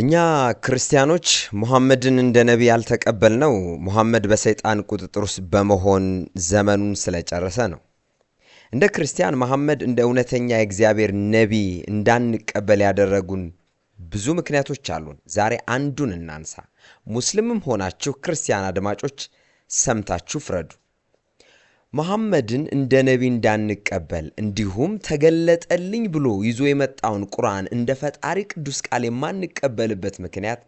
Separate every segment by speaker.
Speaker 1: እኛ ክርስቲያኖች ሙሐመድን እንደ ነቢይ ያልተቀበልነው ሙሐመድ በሰይጣን ቁጥጥር ውስጥ በመሆን ዘመኑን ስለጨረሰ ነው። እንደ ክርስቲያን መሐመድ እንደ እውነተኛ የእግዚአብሔር ነቢይ እንዳንቀበል ያደረጉን ብዙ ምክንያቶች አሉን። ዛሬ አንዱን እናንሳ። ሙስሊምም ሆናችሁ ክርስቲያን አድማጮች ሰምታችሁ ፍረዱ። መሐመድን እንደ ነቢ እንዳንቀበል እንዲሁም ተገለጠልኝ ብሎ ይዞ የመጣውን ቁርአን እንደ ፈጣሪ ቅዱስ ቃል የማንቀበልበት ምክንያት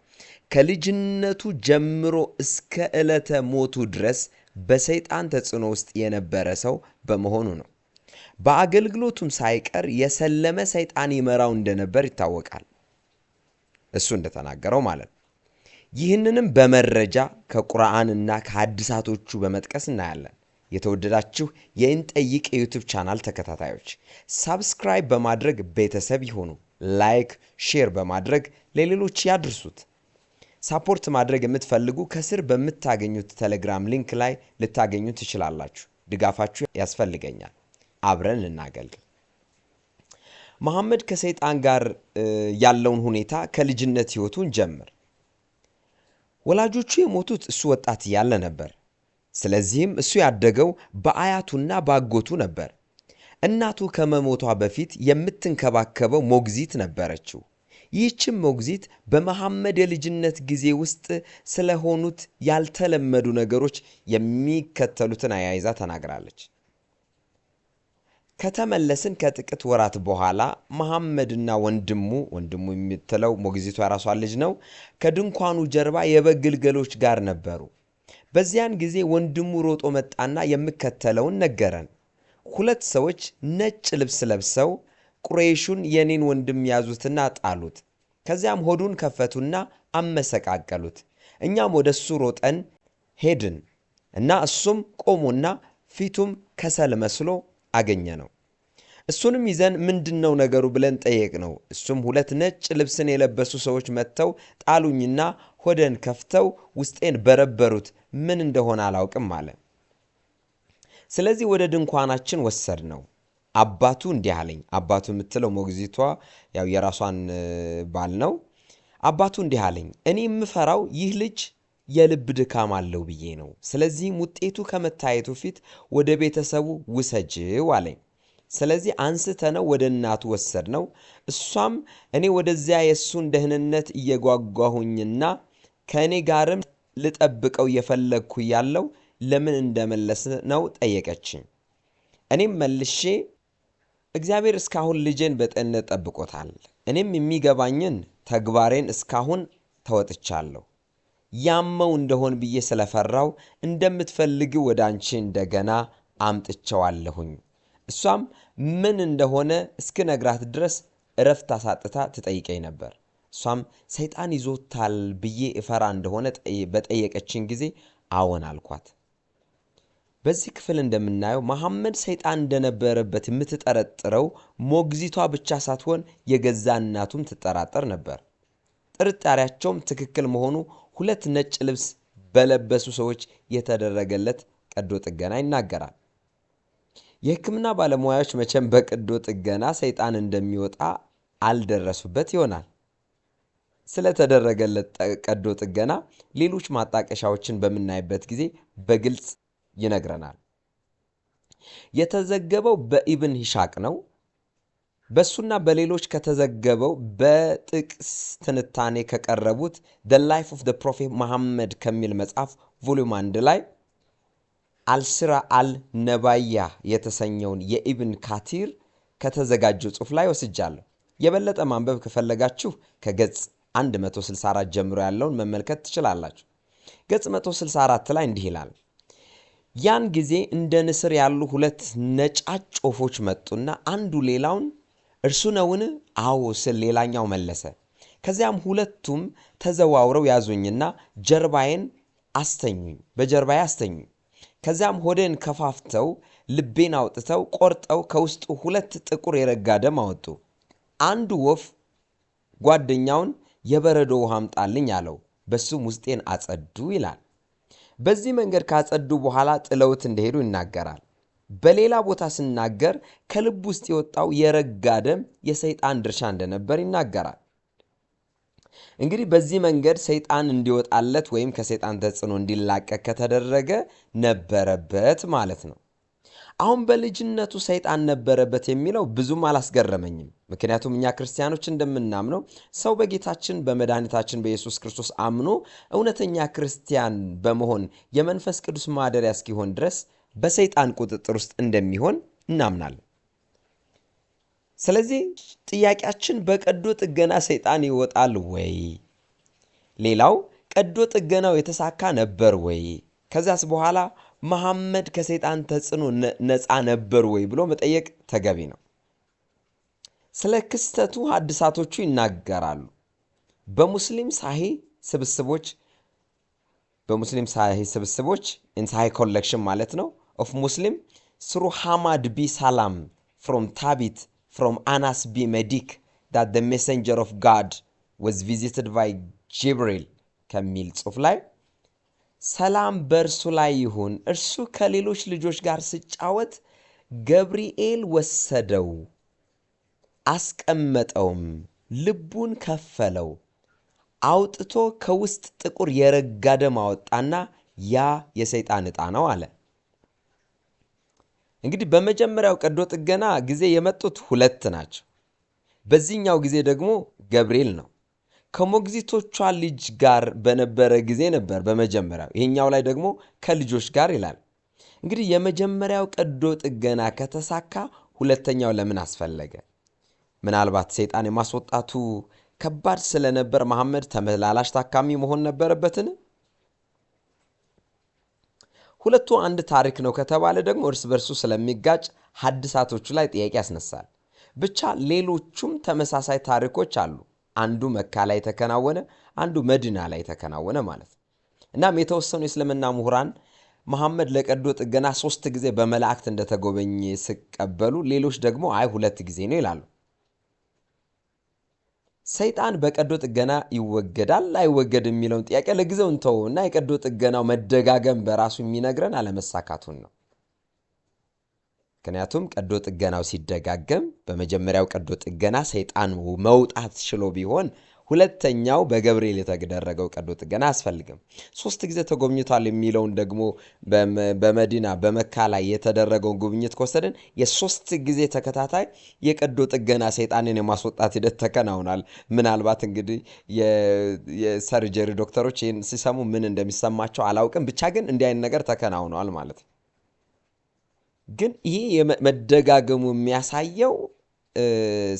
Speaker 1: ከልጅነቱ ጀምሮ እስከ ዕለተ ሞቱ ድረስ በሰይጣን ተጽዕኖ ውስጥ የነበረ ሰው በመሆኑ ነው። በአገልግሎቱም ሳይቀር የሰለመ ሰይጣን ይመራው እንደነበር ይታወቃል። እሱ እንደተናገረው ማለት ነው። ይህንንም በመረጃ ከቁርአንና ከሐዲሳቶቹ በመጥቀስ እናያለን። የተወደዳችሁ የእንጠይቅ የዩቱብ ቻናል ተከታታዮች ሳብስክራይብ በማድረግ ቤተሰብ ይሆኑ። ላይክ፣ ሼር በማድረግ ለሌሎች ያድርሱት። ሳፖርት ማድረግ የምትፈልጉ ከስር በምታገኙት ቴሌግራም ሊንክ ላይ ልታገኙ ትችላላችሁ። ድጋፋችሁ ያስፈልገኛል። አብረን እናገልግል። መሐመድ ከሰይጣን ጋር ያለውን ሁኔታ ከልጅነት ህይወቱን ጀምር። ወላጆቹ የሞቱት እሱ ወጣት እያለ ነበር። ስለዚህም እሱ ያደገው በአያቱና ባጎቱ ነበር። እናቱ ከመሞቷ በፊት የምትንከባከበው ሞግዚት ነበረችው። ይህችም ሞግዚት በመሐመድ የልጅነት ጊዜ ውስጥ ስለሆኑት ያልተለመዱ ነገሮች የሚከተሉትን አያይዛ ተናግራለች። ከተመለስን ከጥቂት ወራት በኋላ መሐመድና ወንድሙ ወንድሙ የምትለው ሞግዚቷ የራሷ ልጅ ነው፣ ከድንኳኑ ጀርባ የበግ ግልገሎች ጋር ነበሩ። በዚያን ጊዜ ወንድሙ ሮጦ መጣና የምከተለውን ነገረን። ሁለት ሰዎች ነጭ ልብስ ለብሰው ቁረይሹን የኔን ወንድም ያዙትና ጣሉት። ከዚያም ሆዱን ከፈቱና አመሰቃቀሉት። እኛም ወደ እሱ ሮጠን ሄድን እና እሱም ቆሞና ፊቱም ከሰል መስሎ አገኘ ነው። እሱንም ይዘን ምንድን ነው ነገሩ ብለን ጠየቅ ነው። እሱም ሁለት ነጭ ልብስን የለበሱ ሰዎች መጥተው ጣሉኝና ሆደን ከፍተው ውስጤን በረበሩት፣ ምን እንደሆነ አላውቅም አለ። ስለዚህ ወደ ድንኳናችን ወሰድ ነው። አባቱ እንዲህ አለኝ። አባቱ የምትለው ሞግዚቷ ያው የራሷን ባል ነው። አባቱ እንዲህ አለኝ፣ እኔ የምፈራው ይህ ልጅ የልብ ድካም አለው ብዬ ነው። ስለዚህም ውጤቱ ከመታየቱ ፊት ወደ ቤተሰቡ ውሰጅው አለኝ። ስለዚህ አንስተነው ወደ እናቱ ነው። እሷም እኔ ወደዚያ የእሱን ደህንነት እየጓጓሁኝና ከእኔ ጋርም ልጠብቀው እየፈለግኩ ያለው ለምን እንደመለስ ነው ጠየቀችኝ። እኔም መልሼ እግዚአብሔር እስካሁን ልጄን በጤንነት ጠብቆታል፣ እኔም የሚገባኝን ተግባሬን እስካሁን ተወጥቻለሁ ያመው እንደሆን ብዬ ስለፈራው እንደምትፈልግ ወደ አንቺ እንደገና አምጥቸዋለሁኝ እሷም ምን እንደሆነ እስክነግራት ድረስ እረፍት አሳጥታ ትጠይቀኝ ነበር። እሷም ሰይጣን ይዞታል ብዬ እፈራ እንደሆነ በጠየቀችን ጊዜ አዎን አልኳት። በዚህ ክፍል እንደምናየው መሐመድ ሰይጣን እንደነበረበት የምትጠረጥረው ሞግዚቷ ብቻ ሳትሆን የገዛ እናቱም ትጠራጠር ነበር። ጥርጣሬያቸውም ትክክል መሆኑ ሁለት ነጭ ልብስ በለበሱ ሰዎች የተደረገለት ቀዶ ጥገና ይናገራል። የህክምና ባለሙያዎች መቼም በቀዶ ጥገና ሰይጣን እንደሚወጣ አልደረሱበት ይሆናል። ስለተደረገለት ቀዶ ጥገና ሌሎች ማጣቀሻዎችን በምናይበት ጊዜ በግልጽ ይነግረናል። የተዘገበው በኢብን ሂሻቅ ነው። በሱና በሌሎች ከተዘገበው በጥቅስ ትንታኔ ከቀረቡት ደ ላይፍ ኦፍ ደ ፕሮፌት መሐመድ ከሚል መጽሐፍ ቮሉም አንድ ላይ አልስራ አልነባያ ነባያ የተሰኘውን የኢብን ካቲር ከተዘጋጀው ጽሑፍ ላይ ወስጃለሁ። የበለጠ ማንበብ ከፈለጋችሁ ከገጽ 164 ጀምሮ ያለውን መመልከት ትችላላችሁ። ገጽ 164 ላይ እንዲህ ይላል። ያን ጊዜ እንደ ንስር ያሉ ሁለት ነጫጭ ወፎች መጡና አንዱ ሌላውን እርሱ ነውን? አዎ ስል ሌላኛው መለሰ። ከዚያም ሁለቱም ተዘዋውረው ያዙኝና ጀርባዬን አስተኙኝ፣ በጀርባዬ አስተኙኝ። ከዚያም ሆዴን ከፋፍተው ልቤን አውጥተው ቆርጠው ከውስጡ ሁለት ጥቁር የረጋ ደም አወጡ። አንዱ ወፍ ጓደኛውን የበረዶ ውሃ አምጣልኝ አለው፣ በሱም ውስጤን አጸዱ ይላል። በዚህ መንገድ ካጸዱ በኋላ ጥለውት እንደሄዱ ይናገራል። በሌላ ቦታ ሲናገር ከልብ ውስጥ የወጣው የረጋ ደም የሰይጣን ድርሻ እንደነበር ይናገራል። እንግዲህ በዚህ መንገድ ሰይጣን እንዲወጣለት ወይም ከሰይጣን ተጽዕኖ እንዲላቀቅ ከተደረገ ነበረበት ማለት ነው። አሁን በልጅነቱ ሰይጣን ነበረበት የሚለው ብዙም አላስገረመኝም። ምክንያቱም እኛ ክርስቲያኖች እንደምናምነው ሰው በጌታችን በመድኃኒታችን በኢየሱስ ክርስቶስ አምኖ እውነተኛ ክርስቲያን በመሆን የመንፈስ ቅዱስ ማደሪያ እስኪሆን ድረስ በሰይጣን ቁጥጥር ውስጥ እንደሚሆን እናምናለን። ስለዚህ ጥያቄያችን በቀዶ ጥገና ሰይጣን ይወጣል ወይ? ሌላው ቀዶ ጥገናው የተሳካ ነበር ወይ? ከዚያስ በኋላ መሐመድ ከሰይጣን ተጽዕኖ ነፃ ነበር ወይ ብሎ መጠየቅ ተገቢ ነው። ስለ ክስተቱ ሐዲሳቶቹ ይናገራሉ። በሙስሊም ሳሂ ስብስቦች በሙስሊም ሳሂ ስብስቦች ኢንሳሂ ኮሌክሽን ማለት ነው ኦፍ ሙስሊም ስሩ ሐማድ ቢ ሳላም ፍሮም ታቢት from Anas b Medik that the messenger of God was visited by Jibril ከሚል ጽሑፍ ላይ ሰላም በእርሱ ላይ ይሁን፣ እርሱ ከሌሎች ልጆች ጋር ሲጫወት ገብርኤል ወሰደው፣ አስቀመጠውም፣ ልቡን ከፈለው፣ አውጥቶ ከውስጥ ጥቁር የረጋ ደም አወጣና ያ የሰይጣን ዕጣ ነው አለ። እንግዲህ በመጀመሪያው ቀዶ ጥገና ጊዜ የመጡት ሁለት ናቸው። በዚህኛው ጊዜ ደግሞ ገብርኤል ነው። ከሞግዚቶቿ ልጅ ጋር በነበረ ጊዜ ነበር በመጀመሪያው። ይሄኛው ላይ ደግሞ ከልጆች ጋር ይላል። እንግዲህ የመጀመሪያው ቀዶ ጥገና ከተሳካ ሁለተኛው ለምን አስፈለገ? ምናልባት ሰይጣን የማስወጣቱ ከባድ ስለነበር መሐመድ ተመላላሽ ታካሚ መሆን ነበረበትን? ሁለቱ አንድ ታሪክ ነው ከተባለ ደግሞ እርስ በርሱ ስለሚጋጭ ሀዲሳቶቹ ላይ ጥያቄ ያስነሳል። ብቻ ሌሎቹም ተመሳሳይ ታሪኮች አሉ። አንዱ መካ ላይ ተከናወነ አንዱ መዲና ላይ ተከናወነ ማለት እናም የተወሰኑ የእስልምና ምሁራን መሐመድ ለቀዶ ጥገና ሶስት ጊዜ በመላእክት እንደተጎበኘ ሲቀበሉ፣ ሌሎች ደግሞ አይ ሁለት ጊዜ ነው ይላሉ። ሰይጣን በቀዶ ጥገና ይወገዳል አይወገድ የሚለውን ጥያቄ ለጊዜው እና የቀዶ ጥገናው መደጋገም በራሱ የሚነግረን አለመሳካቱን ነው። ምክንያቱም ቀዶ ጥገናው ሲደጋገም በመጀመሪያው ቀዶ ጥገና ሰይጣን መውጣት ችሎ ቢሆን ሁለተኛው በገብርኤል የተደረገው ቀዶ ጥገና አያስፈልግም። ሶስት ጊዜ ተጎብኝቷል የሚለውን ደግሞ በመዲና በመካ ላይ የተደረገውን ጉብኝት ከወሰድን የሶስት ጊዜ ተከታታይ የቀዶ ጥገና ሰይጣንን የማስወጣት ሂደት ተከናውኗል። ምናልባት እንግዲህ የሰርጀሪ ዶክተሮች ይህን ሲሰሙ ምን እንደሚሰማቸው አላውቅም። ብቻ ግን እንዲህ አይነት ነገር ተከናውኗል ማለት ነው። ግን ይህ መደጋገሙ የሚያሳየው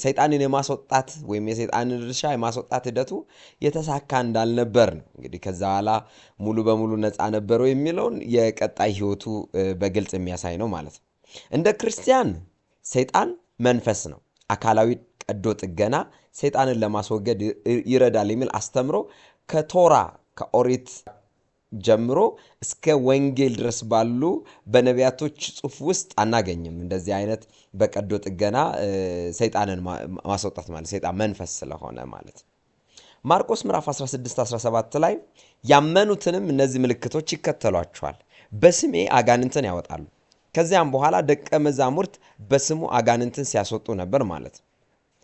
Speaker 1: ሰይጣንን የማስወጣት ወይም የሰይጣንን ድርሻ የማስወጣት ሂደቱ የተሳካ እንዳልነበር ነው። እንግዲህ ከዛ በኋላ ሙሉ በሙሉ ነፃ ነበረው የሚለውን የቀጣይ ህይወቱ በግልጽ የሚያሳይ ነው ማለት ነው። እንደ ክርስቲያን ሰይጣን መንፈስ ነው። አካላዊ ቀዶ ጥገና ሰይጣንን ለማስወገድ ይረዳል የሚል አስተምሮ ከቶራ ከኦሪት ጀምሮ እስከ ወንጌል ድረስ ባሉ በነቢያቶች ጽሑፍ ውስጥ አናገኝም። እንደዚህ አይነት በቀዶ ጥገና ሰይጣንን ማስወጣት ማለት ሰይጣን መንፈስ ስለሆነ ማለት ማርቆስ ምዕራፍ 16 17 ላይ ያመኑትንም እነዚህ ምልክቶች ይከተሏቸዋል፣ በስሜ አጋንንትን ያወጣሉ። ከዚያም በኋላ ደቀ መዛሙርት በስሙ አጋንንትን ሲያስወጡ ነበር ማለት ነው።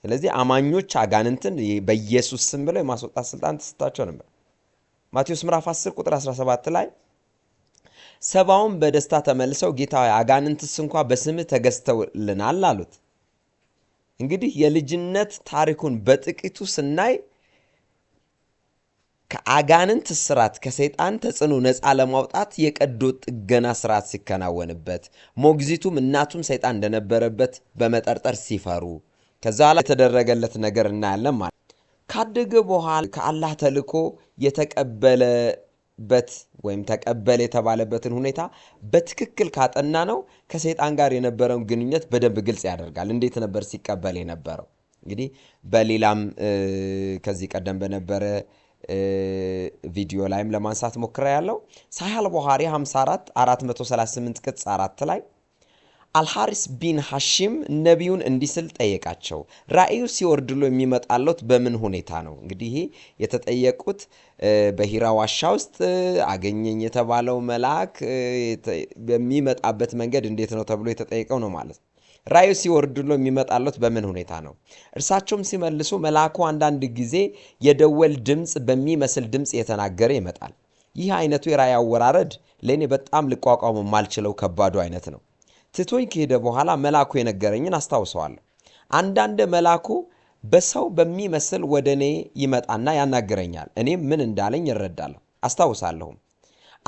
Speaker 1: ስለዚህ አማኞች አጋንንትን በኢየሱስ ስም ብለው የማስወጣት ስልጣን ተሰጥቷቸው ነበር። ማቴዎስ ምዕራፍ 10 ቁጥር 17 ላይ ሰባውን በደስታ ተመልሰው ጌታ አጋንንትስ እንኳ በስምህ ተገዝተውልናል አሉት። እንግዲህ የልጅነት ታሪኩን በጥቂቱ ስናይ ከአጋንንት ስራት ከሰይጣን ተጽዕኖ ነፃ ለማውጣት የቀዶ ጥገና ስርዓት ሲከናወንበት፣ ሞግዚቱም እናቱም ሰይጣን እንደነበረበት በመጠርጠር ሲፈሩ ከዛ የተደረገለት ነገር እናያለን ማለት ካደገ በኋላ ከአላህ ተልኮ የተቀበለበት ወይም ተቀበለ የተባለበትን ሁኔታ በትክክል ካጠና ነው ከሰይጣን ጋር የነበረውን ግንኙነት በደንብ ግልጽ ያደርጋል። እንዴት ነበር ሲቀበል የነበረው? እንግዲህ በሌላም ከዚህ ቀደም በነበረ ቪዲዮ ላይም ለማንሳት ሞክራ ያለው ሳሂህ ቡኻሪ 54 438 ቅጽ 4 ላይ አልሐሪስ ቢን ሐሺም ነቢዩን እንዲህ ስል ጠየቃቸው፣ ራእዩ ሲወርድሎ የሚመጣለት በምን ሁኔታ ነው? እንግዲህ የተጠየቁት በሂራ ዋሻ ውስጥ አገኘኝ የተባለው መልአክ በሚመጣበት መንገድ እንዴት ነው ተብሎ የተጠየቀው ነው ማለት ነው። ራእዩ ሲወርድሎ የሚመጣለት በምን ሁኔታ ነው? እርሳቸውም ሲመልሱ መልአኩ አንዳንድ ጊዜ የደወል ድምፅ በሚመስል ድምፅ የተናገረ ይመጣል። ይህ አይነቱ የራእይ አወራረድ ለእኔ በጣም ልቋቋሙ ማልችለው ከባዱ አይነት ነው። ትቶኝ ከሄደ በኋላ መልአኩ የነገረኝን አስታውሰዋለሁ። አንዳንድ መልአኩ በሰው በሚመስል ወደ እኔ ይመጣና ያናግረኛል። እኔም ምን እንዳለኝ ይረዳለሁ አስታውሳለሁም።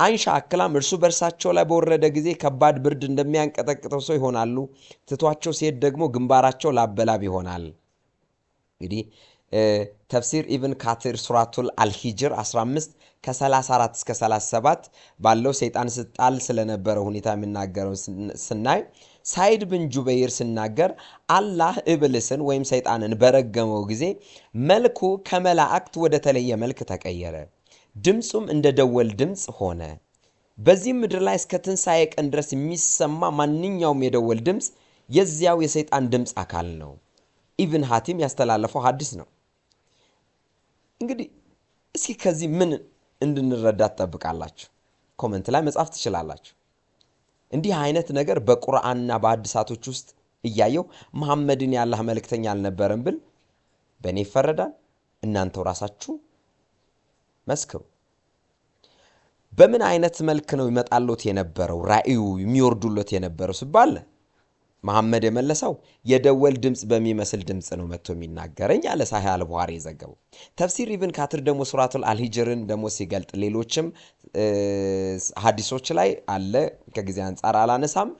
Speaker 1: አይን አክላም እርሱ በእርሳቸው ላይ በወረደ ጊዜ ከባድ ብርድ እንደሚያንቀጠቅጠው ሰው ይሆናሉ። ትቷቸው ሲሄድ ደግሞ ግንባራቸው ላበላብ ይሆናል። እንግዲህ ተፍሲር ኢብን ካቲር ሱራቱል አልሂጅር 15 ከ34 እስከ 37 ባለው ሰይጣን ስጣል ስለነበረ ሁኔታ የሚናገረው ስናይ ሳይድ ብን ጁበይር ሲናገር አላህ እብልስን ወይም ሰይጣንን በረገመው ጊዜ መልኩ ከመላእክት ወደ ተለየ መልክ ተቀየረ፣ ድምፁም እንደ ደወል ድምፅ ሆነ። በዚህም ምድር ላይ እስከ ትንሣኤ ቀን ድረስ የሚሰማ ማንኛውም የደወል ድምፅ የዚያው የሰይጣን ድምፅ አካል ነው። ኢብን ሀቲም ያስተላለፈው ሀዲስ ነው። እንግዲህ እስኪ ከዚህ ምን እንድንረዳ ትጠብቃላችሁ? ኮመንት ላይ መጻፍ ትችላላችሁ። እንዲህ አይነት ነገር በቁርአንና በአዲሳቶች ውስጥ እያየው መሐመድን ያላህ መልእክተኛ አልነበረም ብል በእኔ ይፈረዳል? እናንተው ራሳችሁ መስክሩ። በምን አይነት መልክ ነው ይመጣሎት የነበረው ራእዩ የሚወርዱሎት የነበረው ሲባል መሐመድ የመለሰው የደወል ድምፅ በሚመስል ድምፅ ነው መጥቶ የሚናገረኝ አለ ሳሂህ አልቡኻሪ የዘገበው። ተፍሲር ኢብን ካትር ደግሞ ሱራቱል አልሂጅርን ደግሞ ሲገልጥ ሌሎችም ሀዲሶች ላይ አለ። ከጊዜ አንጻር አላነሳም።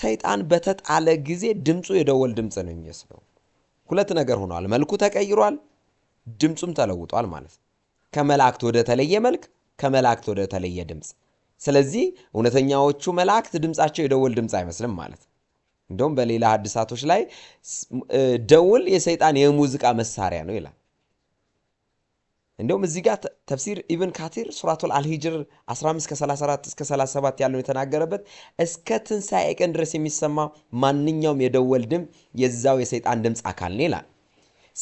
Speaker 1: ሰይጣን በተጣለ ጊዜ ድምፁ የደወል ድምፅ ነው የሚመስለው። ሁለት ነገር ሆኗል። መልኩ ተቀይሯል፣ ድምፁም ተለውጧል ማለት ነው። ከመላእክት ወደ ተለየ መልክ፣ ከመላእክት ወደ ተለየ ድምፅ ስለዚህ እውነተኛዎቹ መላእክት ድምፃቸው የደወል ድምፅ አይመስልም ማለት። እንደውም በሌላ ሐዲሳቶች ላይ ደውል የሰይጣን የሙዚቃ መሳሪያ ነው ይላል። እንደውም እዚህ ጋር ተፍሲር ኢብን ካቲር ሱራቱል አልሂጅር 15 ከ34 እስከ 37 ያለውን የተናገረበት እስከ ትንሣኤ ቀን ድረስ የሚሰማ ማንኛውም የደወል ድምፅ የዛው የሰይጣን ድምፅ አካል ነው ይላል።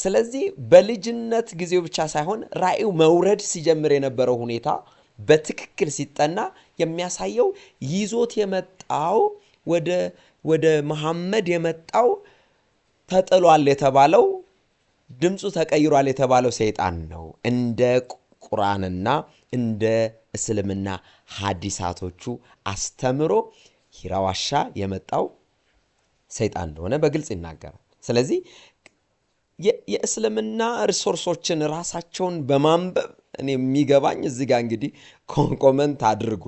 Speaker 1: ስለዚህ በልጅነት ጊዜው ብቻ ሳይሆን ራእዩ መውረድ ሲጀምር የነበረው ሁኔታ በትክክል ሲጠና የሚያሳየው ይዞት የመጣው ወደ ወደ መሐመድ የመጣው ተጥሏል የተባለው ድምፁ ተቀይሯል የተባለው ሰይጣን ነው። እንደ ቁርአንና እንደ እስልምና ሀዲሳቶቹ አስተምሮ ሂራዋሻ የመጣው ሰይጣን እንደሆነ በግልጽ ይናገራል። ስለዚህ የእስልምና ሪሶርሶችን ራሳቸውን በማንበብ እኔ የሚገባኝ እዚህ ጋር እንግዲህ ኮመንት አድርጉ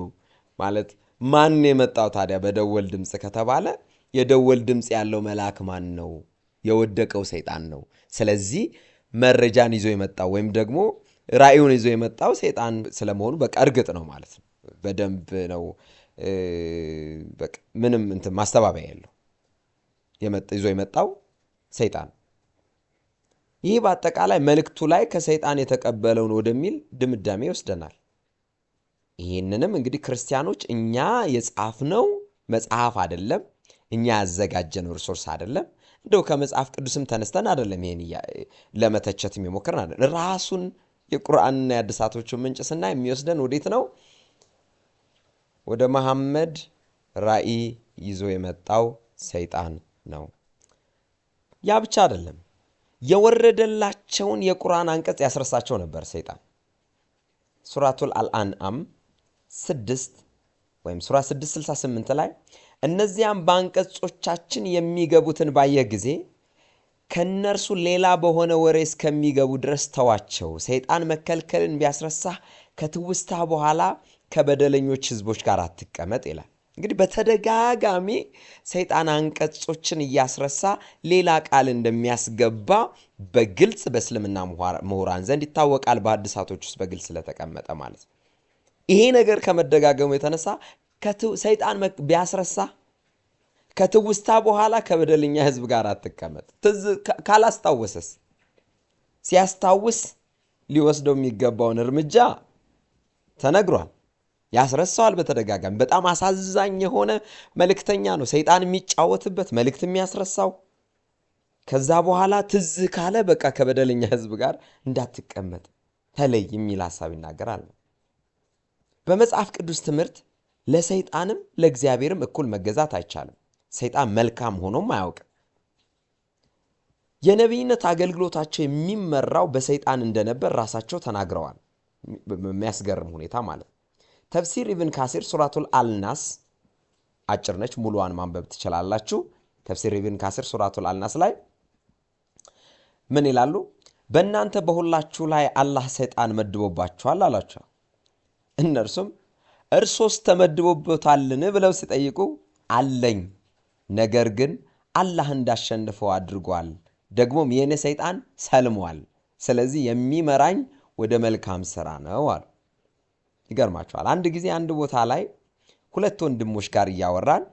Speaker 1: ማለት ማን የመጣው ታዲያ በደወል ድምፅ ከተባለ የደወል ድምፅ ያለው መልአክ ማን ነው? የወደቀው ሰይጣን ነው። ስለዚህ መረጃን ይዞ የመጣው ወይም ደግሞ ራእዩን ይዞ የመጣው ሰይጣን ስለመሆኑ በቃ እርግጥ ነው ማለት ነው። በደንብ ነው። ምንም እንትን ማስተባበያ የለው። ይዞ የመጣው ሰይጣን ይህ በአጠቃላይ መልእክቱ ላይ ከሰይጣን የተቀበለውን ወደሚል ድምዳሜ ይወስደናል። ይህንንም እንግዲህ ክርስቲያኖች እኛ የጻፍነው መጽሐፍ አይደለም፣ እኛ ያዘጋጀነው ሪሶርስ አይደለም፣ እንደው ከመጽሐፍ ቅዱስም ተነስተን አይደለም ይህን ለመተቸት የሚሞክርን አይደለም። ራሱን የቁርአንና የአዲሳቶቹን ምንጭ ስናይ የሚወስደን ወዴት ነው? ወደ መሐመድ ራእይ ይዞ የመጣው ሰይጣን ነው። ያ ብቻ አይደለም። የወረደላቸውን የቁርአን አንቀጽ ያስረሳቸው ነበር ሰይጣን። ሱራቱል አልአንአም 6 ወይም ሱራ 668 ላይ እነዚያም በአንቀጾቻችን የሚገቡትን ባየ ጊዜ ከነርሱ ሌላ በሆነ ወሬ እስከሚገቡ ድረስ ተዋቸው። ሰይጣን መከልከልን ቢያስረሳህ ከትውስታ በኋላ ከበደለኞች ህዝቦች ጋር አትቀመጥ ይላል። እንግዲህ በተደጋጋሚ ሰይጣን አንቀጾችን እያስረሳ ሌላ ቃል እንደሚያስገባ በግልጽ በእስልምና ምሁራን ዘንድ ይታወቃል። በአድሳቶች ውስጥ በግልጽ ስለተቀመጠ ማለት ነው። ይሄ ነገር ከመደጋገሙ የተነሳ ሰይጣን ቢያስረሳ ከትውስታ በኋላ ከበደለኛ ህዝብ ጋር አትቀመጥ። ካላስታወሰስ ሲያስታውስ ሊወስደው የሚገባውን እርምጃ ተነግሯል። ያስረሳዋል በተደጋጋሚ በጣም አሳዛኝ የሆነ መልእክተኛ ነው። ሰይጣን የሚጫወትበት መልእክት የሚያስረሳው ከዛ በኋላ ትዝ ካለ በቃ ከበደለኛ ህዝብ ጋር እንዳትቀመጥ ተለይ የሚል ሀሳብ ይናገራል። በመጽሐፍ ቅዱስ ትምህርት ለሰይጣንም ለእግዚአብሔርም እኩል መገዛት አይቻልም። ሰይጣን መልካም ሆኖም አያውቅም። የነቢይነት አገልግሎታቸው የሚመራው በሰይጣን እንደነበር ራሳቸው ተናግረዋል። የሚያስገርም ሁኔታ ማለት ተፍሲር ኢብን ካሲር ሱራቱል አልናስ አጭር ነች፣ ሙሉዋን ማንበብ ትችላላችሁ። ተፍሲር ኢብን ካሲር ሱራቱል አልናስ ላይ ምን ይላሉ? በእናንተ በሁላችሁ ላይ አላህ ሰይጣን መድቦባችኋል አላቸው። እነርሱም እርሶስ ተመድቦበታልን ብለው ሲጠይቁ አለኝ፣ ነገር ግን አላህ እንዳሸንፈው አድርጓል። ደግሞም የእኔ ሰይጣን ሰልሟል። ስለዚህ የሚመራኝ ወደ መልካም ስራ ነው አሉ። ይገርማቸዋል። አንድ ጊዜ አንድ ቦታ ላይ ሁለት ወንድሞች ጋር እያወራን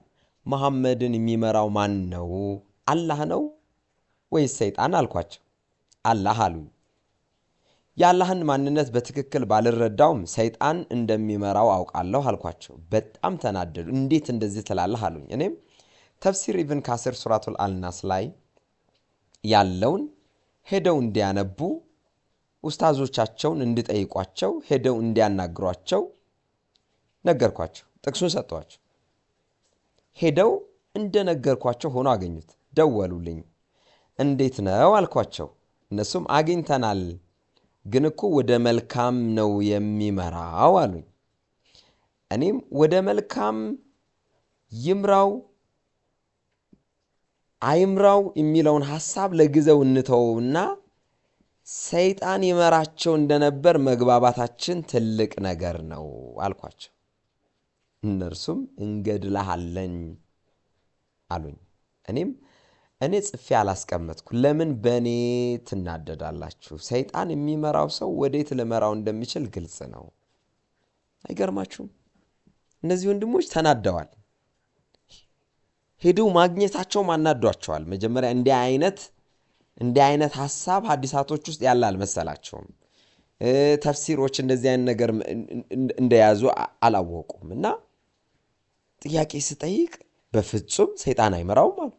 Speaker 1: መሐመድን የሚመራው ማን ነው? አላህ ነው ወይስ ሰይጣን አልኳቸው። አላህ አሉኝ። የአላህን ማንነት በትክክል ባልረዳውም ሰይጣን እንደሚመራው አውቃለሁ አልኳቸው። በጣም ተናደዱ። እንዴት እንደዚህ ትላለህ አሉኝ። እኔም ተፍሲር ኢብን ካሲር ሱራቱል አልናስ ላይ ያለውን ሄደው እንዲያነቡ ኡስታዞቻቸውን እንዲጠይቋቸው ሄደው እንዲያናግሯቸው ነገርኳቸው። ጥቅሱን ሰጠኋቸው። ሄደው እንደነገርኳቸው ሆኖ አገኙት። ደወሉልኝ። እንዴት ነው አልኳቸው። እነሱም አግኝተናል፣ ግን እኮ ወደ መልካም ነው የሚመራው አሉኝ። እኔም ወደ መልካም ይምራው አይምራው የሚለውን ሀሳብ ለጊዜው እንተውና ሰይጣን ይመራቸው እንደነበር መግባባታችን ትልቅ ነገር ነው አልኳቸው። እነርሱም እንገድልሃለን አሉኝ። እኔም እኔ ጽፌ አላስቀመጥኩ፣ ለምን በእኔ ትናደዳላችሁ? ሰይጣን የሚመራው ሰው ወዴት ልመራው እንደሚችል ግልጽ ነው። አይገርማችሁም? እነዚህ ወንድሞች ተናደዋል። ሄደው ማግኘታቸው ማናዷቸዋል። መጀመሪያ እንዲህ አይነት እንዲህ አይነት ሀሳብ ሀዲሳቶች ውስጥ ያለ አልመሰላቸውም። ተፍሲሮች እንደዚህ አይነት ነገር እንደያዙ አላወቁም። እና ጥያቄ ስጠይቅ በፍጹም ሰይጣን አይመራውም አሉ።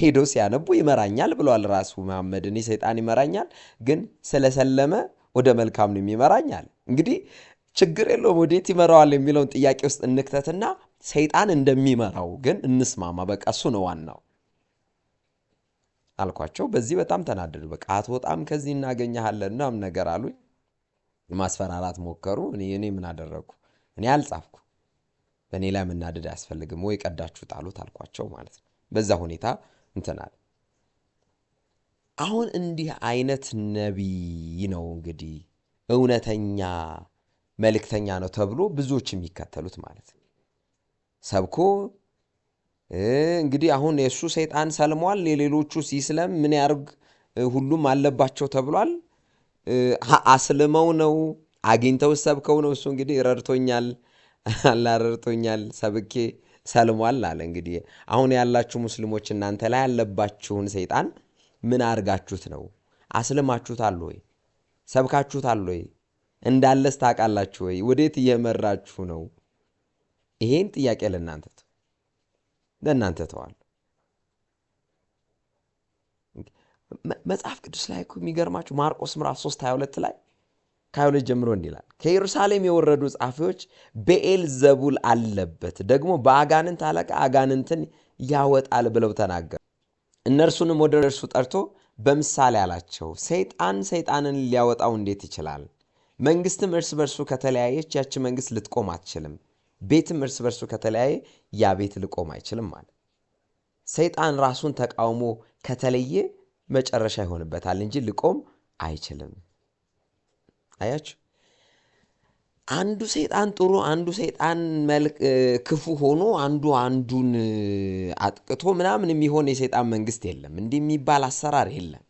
Speaker 1: ሄዶ ሲያነቡ ይመራኛል ብሏል ራሱ መሐመድ። እኔ ሰይጣን ይመራኛል፣ ግን ስለሰለመ ወደ መልካም ነው የሚመራኛል። እንግዲህ ችግር የለውም ወዴት ይመራዋል የሚለውን ጥያቄ ውስጥ እንክተትና ሰይጣን እንደሚመራው ግን እንስማማ። በቃ እሱ ነው ዋናው። አልኳቸው። በዚህ በጣም ተናደዱ። በቃ አትወጣም ከዚህ እናገኘሃለን ምናምን ነገር አሉኝ። ማስፈራራት ሞከሩ። እኔ ምን አደረግኩ? እኔ አልጻፍኩ። በእኔ ላይ መናደድ አያስፈልግም ወይ ቀዳችሁ ጣሉት አልኳቸው ማለት ነው። በዛ ሁኔታ እንትናል። አሁን እንዲህ አይነት ነቢይ ነው እንግዲህ እውነተኛ መልእክተኛ ነው ተብሎ ብዙዎች የሚከተሉት ማለት ነው። ሰብኮ እንግዲህ አሁን የእሱ ሰይጣን ሰልሟል። የሌሎቹ ሲስለም ምን ያርግ? ሁሉም አለባቸው ተብሏል። አስልመው ነው አግኝተው ሰብከው ነው። እሱ እንግዲህ ረድቶኛል፣ አላ ረድቶኛል፣ ሰብኬ ሰልሟል አለ። እንግዲህ አሁን ያላችሁ ሙስሊሞች እናንተ ላይ ያለባችሁን ሰይጣን ምን አድርጋችሁት ነው? አስልማችሁታል ወይ? ሰብካችሁታል ወይ? እንዳለስ ታውቃላችሁ ወይ? ወዴት እየመራችሁ ነው? ይሄን ጥያቄ ለእናንተ ለእናንተ ተዋል። መጽሐፍ ቅዱስ ላይ እኮ የሚገርማችሁ ማርቆስ ምራፍ 3 22 ላይ ከ22 ጀምሮ እንዲላል ከኢየሩሳሌም የወረዱ ጻፊዎች በኤል ዘቡል አለበት ደግሞ በአጋንንት አለቃ አጋንንትን ያወጣል ብለው ተናገሩ። እነርሱንም ወደ እርሱ ጠርቶ በምሳሌ አላቸው፣ ሰይጣን ሰይጣንን ሊያወጣው እንዴት ይችላል? መንግስትም እርስ በርሱ ከተለያየች ያቺ መንግስት ልትቆም አትችልም። ቤትም እርስ በርሱ ከተለያየ ያ ቤት ልቆም አይችልም ማለት ሰይጣን ራሱን ተቃውሞ ከተለየ መጨረሻ ይሆንበታል እንጂ ልቆም አይችልም። አያችሁ፣ አንዱ ሰይጣን ጥሩ፣ አንዱ ሰይጣን ክፉ ሆኖ አንዱ አንዱን አጥቅቶ ምናምን የሚሆን የሰይጣን መንግስት የለም። እንዲህ የሚባል አሰራር የለም።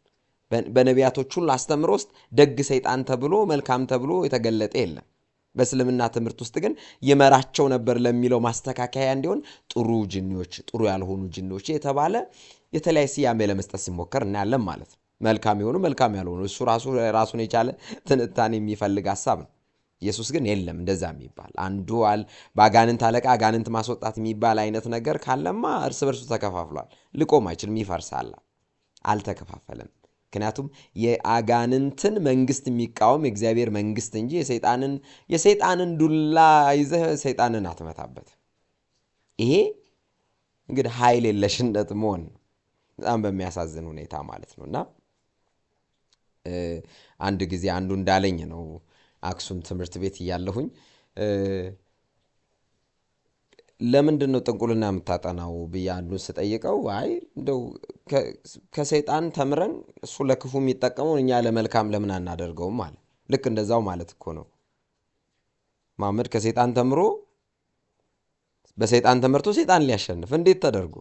Speaker 1: በነቢያቶች ሁሉ አስተምሮ ውስጥ ደግ ሰይጣን ተብሎ መልካም ተብሎ የተገለጠ የለም። በእስልምና ትምህርት ውስጥ ግን ይመራቸው ነበር ለሚለው ማስተካከያ እንዲሆን ጥሩ ጅኒዎች፣ ጥሩ ያልሆኑ ጅኒዎች የተባለ የተለያየ ስያሜ ለመስጠት ሲሞከር እናያለን ማለት ነው። መልካም የሆኑ መልካም ያልሆኑ እሱ ራሱ ራሱን የቻለ ትንታኔ የሚፈልግ ሀሳብ ነው። ኢየሱስ ግን የለም እንደዛ የሚባል አንዱ አል በአጋንንት አለቃ አጋንንት ማስወጣት የሚባል አይነት ነገር ካለማ እርስ በርሱ ተከፋፍሏል። ልቆም አይችልም፣ ይፈርሳል። አልተከፋፈለም። ምክንያቱም የአጋንንትን መንግስት የሚቃወም የእግዚአብሔር መንግስት እንጂ የሰይጣንን የሰይጣንን ዱላ ይዘህ ሰይጣንን አትመታበት። ይሄ እንግዲህ ኃይል የለሽነት መሆን በጣም በሚያሳዝን ሁኔታ ማለት ነው እና አንድ ጊዜ አንዱ እንዳለኝ ነው አክሱም ትምህርት ቤት እያለሁኝ ለምንድን ነው ጥንቁልና የምታጠናው ብዬ አንዱን ስጠይቀው አይ እንደው ከሰይጣን ተምረን እሱ ለክፉ የሚጠቀመውን እኛ ለመልካም ለምን አናደርገውም አለ። ልክ እንደዛው ማለት እኮ ነው። ማመድ ከሰይጣን ተምሮ በሰይጣን ተምርቶ ሰይጣን ሊያሸንፍ እንዴት ተደርጎ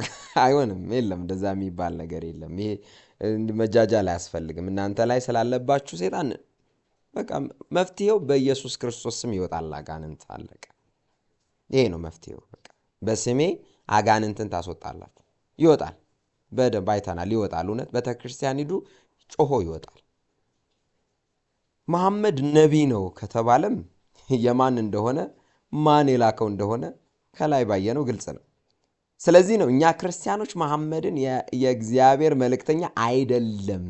Speaker 1: አይሆንም። የለም እንደዛ የሚባል ነገር የለም። ይሄ ላይ አያስፈልግም። እናንተ ላይ ስላለባችሁ ሰይጣን በቃ መፍትሄው በኢየሱስ ክርስቶስ ስም ይወጣል። አጋንንት አለቀ። ይሄ ነው መፍትሄው። በስሜ አጋንንትን ታስወጣላችሁ። ይወጣል፣ በደንብ አይተናል። ይወጣል። እውነት ቤተክርስቲያን ሂዱ፣ ጮሆ ይወጣል። መሐመድ ነቢ ነው ከተባለም የማን እንደሆነ ማን የላከው እንደሆነ ከላይ ባየነው ግልጽ ነው። ስለዚህ ነው እኛ ክርስቲያኖች መሐመድን የእግዚአብሔር መልእክተኛ አይደለም፣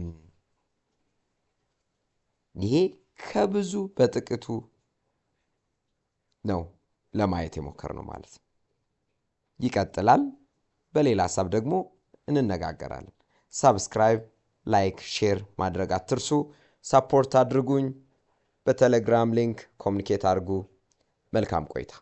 Speaker 1: ይሄ ከብዙ በጥቂቱ ነው ለማየት የሞከር ነው ማለት ነው። ይቀጥላል። በሌላ ሀሳብ ደግሞ እንነጋገራለን። ሳብስክራይብ፣ ላይክ፣ ሼር ማድረግ አትርሱ። ሰፖርት አድርጉኝ። በቴሌግራም ሊንክ ኮሚኒኬት አድርጉ። መልካም ቆይታ